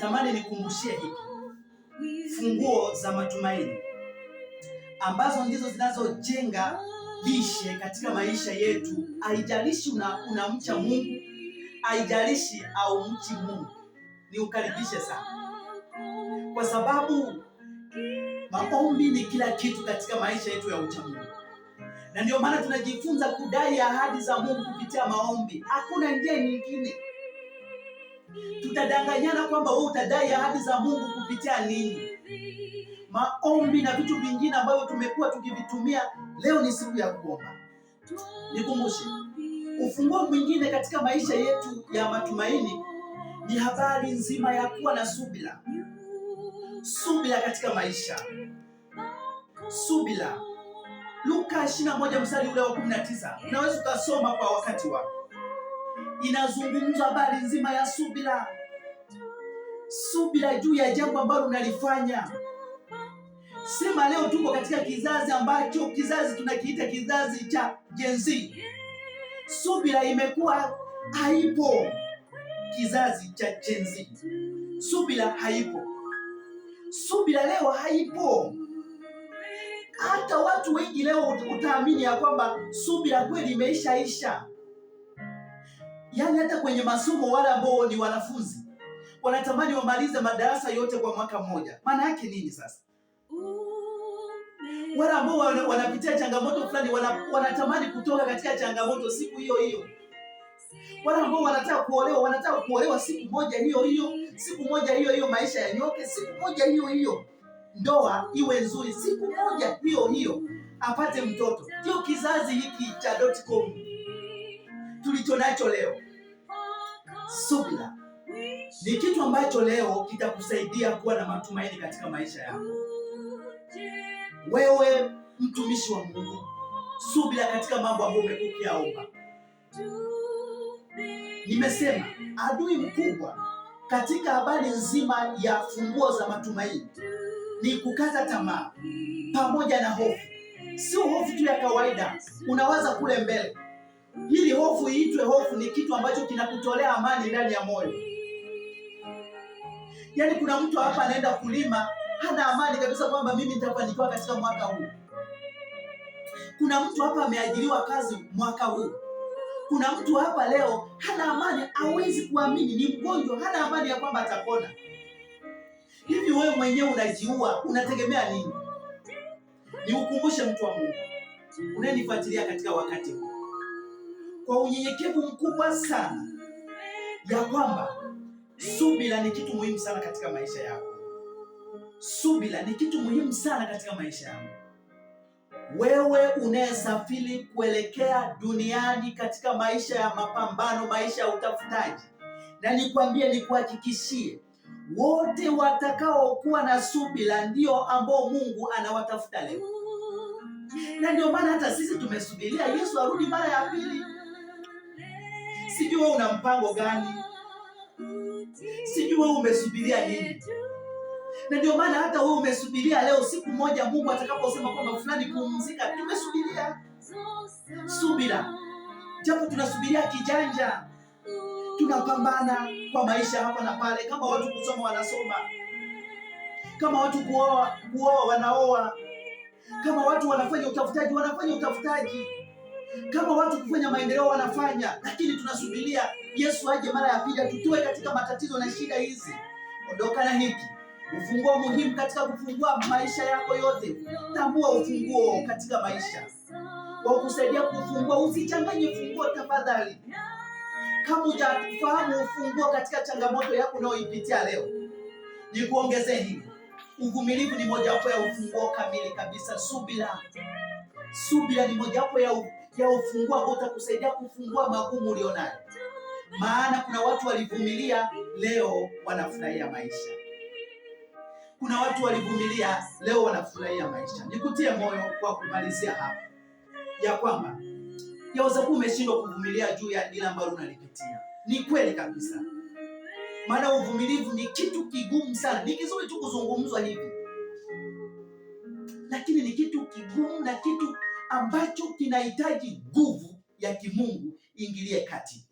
natamani nikumbushie hiki, funguo za matumaini ambazo ndizo zinazojenga lishe katika maisha yetu. Haijalishi unamcha una Mungu, haijalishi au mchi Mungu, ni ukaribishe sana, kwa sababu maombi ni kila kitu katika maisha yetu ya uchamungu, na ndio maana tunajifunza kudai ahadi za Mungu kupitia maombi. Hakuna njia nyingine tutadanganyana kwamba wewe utadai ahadi za Mungu kupitia nini? Maombi na vitu vingine ambavyo tumekuwa tukivitumia. Leo ni siku ya kuomba. Nikumbushe, ufunguo mwingine katika maisha yetu ya matumaini ni habari nzima ya kuwa na subira. Subira katika maisha, subira. Luka 21 mstari ule wa 19 unaweza ukasoma kwa wakati wako inazungumza habari nzima ya subira, subira juu ya jambo ambalo unalifanya. Sema leo tuko katika kizazi ambacho kizazi tunakiita kizazi cha Gen Z. Subira imekuwa haipo, kizazi cha Gen Z subira haipo, subira leo haipo. Hata watu wengi leo utaamini ya kwamba subira kweli imeishaisha. Yaani hata kwenye masomo wale ambao ni wanafunzi wanatamani wamalize madarasa yote kwa mwaka mmoja. Maana yake nini sasa? Wale ambao wanapitia changamoto fulani wanatamani kutoka katika changamoto siku hiyo hiyo. Wale ambao wanataka kuolewa wanataka kuolewa siku moja hiyo hiyo, siku moja hiyo hiyo, maisha yanyoke siku moja hiyo hiyo, ndoa iwe nzuri siku moja hiyo hiyo, apate mtoto. Ndio kizazi hiki cha dot com ulicho nacho leo. Subira ni kitu ambacho leo kitakusaidia kuwa na matumaini katika maisha yako. Wewe mtumishi wa Mungu, subira katika mambo ambayo umekuwa ukiyaomba. Nimesema adui mkubwa katika habari nzima ya funguo za matumaini ni kukata tamaa pamoja na hofu. Sio hofu tu ya kawaida, unawaza kule mbele ili hofu iitwe hofu ni kitu ambacho kinakutolea amani ndani ya moyo. Yaani kuna mtu hapa anaenda kulima hana amani kabisa kwamba mimi nitafanikiwa katika mwaka huu. Kuna mtu hapa ameajiriwa kazi mwaka huu. Kuna mtu hapa leo hana amani, hawezi kuamini, ni mgonjwa, hana amani ya kwamba atapona. Hivi wewe mwenyewe unajiua, unategemea nini? Niukumbushe mtu wa Mungu unayenifuatilia katika wakati huu kwa unyenyekevu mkubwa sana ya kwamba subira ni kitu muhimu sana katika maisha yako. Subira ni kitu muhimu sana katika maisha yako. Wewe unayesafiri kuelekea duniani katika maisha ya mapambano, maisha ya utafutaji, na nikwambie, nikuhakikishie, wote watakaokuwa na subira ndio ambao Mungu anawatafuta leo, na ndio maana hata sisi tumesubiria Yesu arudi mara ya pili. Sijui wewe una mpango gani, sijui wewe umesubiria nini. Na ndio maana hata wewe umesubiria leo, siku moja Mungu atakaposema kwamba fulani pumzika, tumesubiria subira, japo tunasubiria kijanja, tunapambana kwa maisha hapa na pale, kama watu kusoma wanasoma, kama watu kuoa kuoa wanaoa, kama watu wanafanya utafutaji wanafanya utafutaji kama watu kufanya maendeleo wanafanya, lakini tunasubiria Yesu aje mara ya pili atutoe katika matatizo na shida hizi. Ondoka na hiki ufunguo muhimu katika kufungua maisha yako yote. Tambua ufunguo katika maisha wa kusaidia kufungua. Usichanganye funguo tafadhali. Kama hujafahamu ufunguo katika changamoto yako unayoipitia leo, nikuongeze hivi, uvumilivu ni mojawapo ya ufunguo kamili kabisa. Subira, subira ni mojawapo ya u ya ufungua ambao utakusaidia kufungua magumu ulionayo. Maana kuna watu walivumilia, leo wanafurahia maisha. Kuna watu walivumilia, leo wanafurahia maisha. Nikutie moyo kwa kumalizia hapa ya kwamba yaweza kuwa umeshindwa kuvumilia juu ya dila ambalo unalipitia. Ni kweli kabisa, maana uvumilivu ni kitu kigumu sana. Ni kizuri tu kuzungumzwa hivi, lakini ni kitu kigumu ambacho kinahitaji nguvu ya kimungu ingilie kati.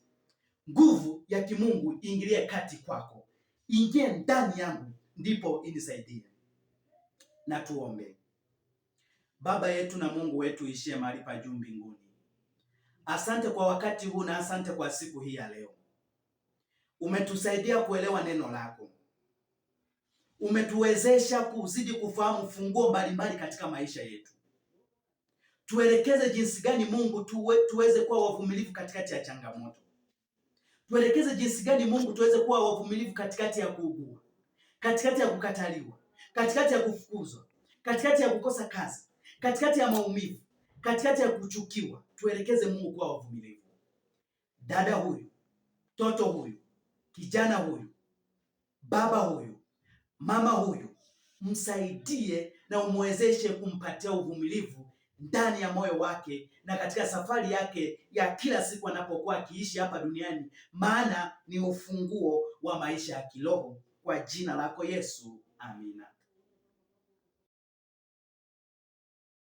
Nguvu ya kimungu ingilie kati kwako, ingie ndani yangu, ndipo inisaidie. Na tuombe. Baba yetu na Mungu wetu ishie mahali pa juu mbinguni, asante kwa wakati huu na asante kwa siku hii ya leo. Umetusaidia kuelewa neno lako, umetuwezesha kuzidi kufahamu funguo mbalimbali katika maisha yetu tuelekeze jinsi gani Mungu tuwe, tuweze kuwa wavumilivu katikati ya changamoto. Tuelekeze jinsi gani Mungu tuweze kuwa wavumilivu katikati ya kuugua, katikati ya kukataliwa, katikati ya kufukuzwa, katikati ya kukosa kazi, katikati ya maumivu, katikati ya kuchukiwa. Tuelekeze Mungu kuwa wavumilivu. Dada huyu, mtoto huyu, kijana huyu, baba huyu, mama huyu, msaidie na umwezeshe kumpatia uvumilivu ndani ya moyo wake na katika safari yake ya kila siku anapokuwa akiishi hapa duniani, maana ni ufunguo wa maisha ya kiroho. Kwa jina lako Yesu, amina.